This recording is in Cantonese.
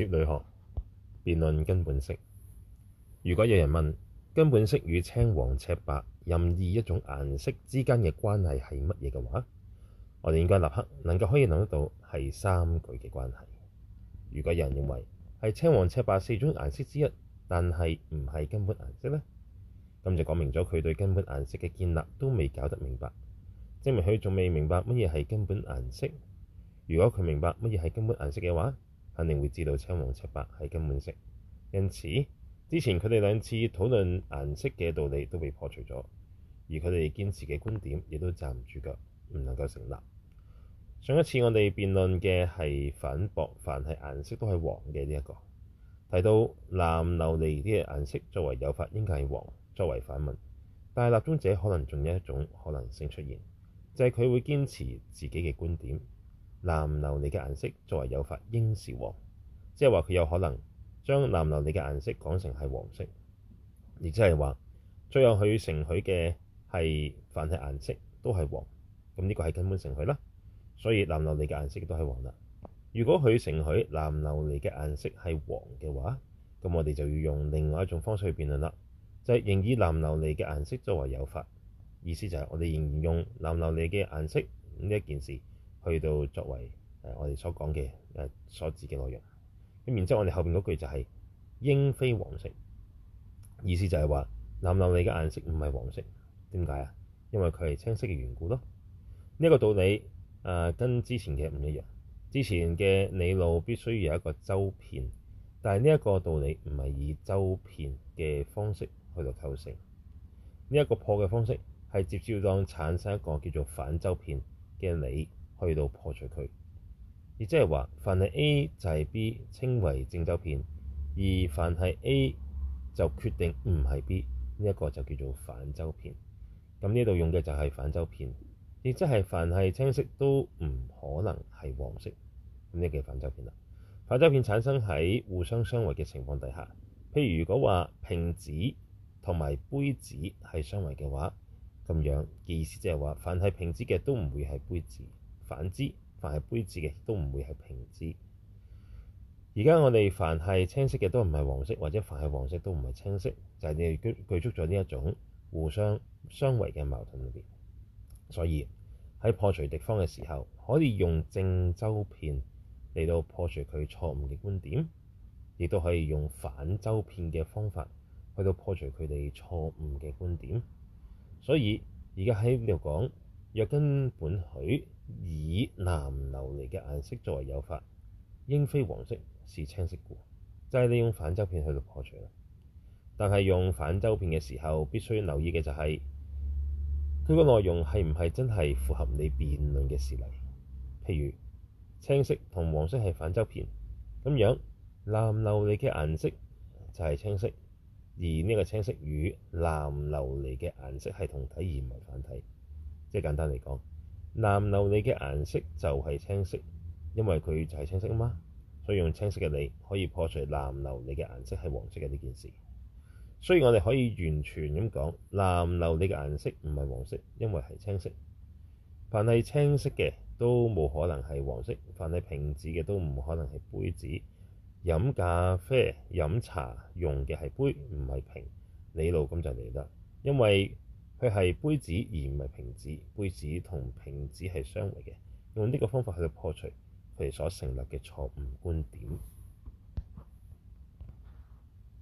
攝類學，辯論根本色。如果有人問根本色與青黃赤白任意一種顏色之間嘅關係係乜嘢嘅話，我哋應該立刻能夠可以諗得到係三句嘅關係。如果有人認為係青黃赤白四種顏色之一，但係唔係根本顏色呢，咁就講明咗佢對根本顏色嘅建立都未搞得明白，證明佢仲未明白乜嘢係根本顏色。如果佢明白乜嘢係根本顏色嘅話，肯定會知道青黃赤白係根本色，因此之前佢哋兩次討論顏色嘅道理都被破除咗，而佢哋堅持嘅觀點亦都站唔住腳，唔能夠成立。上一次我哋辯論嘅係反駁，凡係顏色都係黃嘅呢一個，提到藍琉璃啲嘅顏色作為有法應該係黃作為反問，但係立宗者可能仲有一種可能性出現，就係、是、佢會堅持自己嘅觀點。藍琉璃嘅顏色作為有法應是黃，即係話佢有可能將藍琉璃嘅顏色講成係黃色，亦即係話最後佢承許嘅係凡係顏色都係黃，咁呢個係根本承許啦。所以藍琉璃嘅顏色都係黃啦。如果佢承許藍琉璃嘅顏色係黃嘅話，咁我哋就要用另外一種方式去辯論啦，就係、是、仍以藍琉璃嘅顏色作為有法，意思就係我哋仍然用藍琉璃嘅顏色呢一件事。去到作為誒、呃、我哋所講嘅誒、呃、所指嘅內容咁、嗯，然之後我哋後邊嗰句就係、是、應非黃色，意思就係話藍琉璃嘅顏色唔係黃色，點解啊？因為佢係青色嘅緣故咯。呢、這、一個道理誒、呃，跟之前嘅唔一樣。之前嘅理路必須要有一個周遍，但係呢一個道理唔係以周遍嘅方式去到構成呢一、這個破嘅方式，係直接了當產生一個叫做反周遍嘅理。去到破除佢，亦即係話，凡係 A 就係 B，稱為正周遍；而凡係 A 就決定唔係 B，呢一個就叫做反周遍。咁呢度用嘅就係反周遍。亦即係凡係青色都唔可能係黃色，咁、嗯、呢、這個就係反周遍啦。反周遍產生喺互相相違嘅情況底下，譬如如果話瓶子同埋杯子係相違嘅話，咁樣嘅意思即係話，凡係瓶子嘅都唔會係杯子。反之，凡係杯子嘅都唔會係瓶子。而家我哋凡係青色嘅都唔係黃色，或者凡係黃色都唔係青色，就係、是、你哋具具足咗呢一種互相相違嘅矛盾裏邊。所以喺破除敵方嘅時候，可以用正周遍嚟到破除佢錯誤嘅觀點，亦都可以用反周遍嘅方法去到破除佢哋錯誤嘅觀點。所以而家喺呢度講。若根本許以藍琉璃嘅顏色作為有法，應非黃色，是青色故，就係、是、利用反周遍去到破除。但係用反周遍嘅時候，必須留意嘅就係佢個內容係唔係真係符合你辯論嘅事例。譬如青色同黃色係反周遍咁樣，藍琉璃嘅顏色就係青色，而呢個青色與藍琉璃嘅顏色係同體而唔係返體。即係簡單嚟講，藍琉璃嘅顏色就係青色，因為佢就係青色啊嘛。所以用青色嘅理可以破除藍琉璃嘅顏色係黃色嘅呢件事。所以我哋可以完全咁講，藍琉璃嘅顏色唔係黃色，因為係青色。凡係青色嘅都冇可能係黃色，凡係瓶子嘅都唔可能係杯子。飲咖啡、飲茶用嘅係杯，唔係瓶。理路咁就嚟喇，因為。佢係杯子而唔係瓶子，杯子同瓶子係相違嘅。用呢個方法去度破除佢哋所成立嘅錯誤觀點。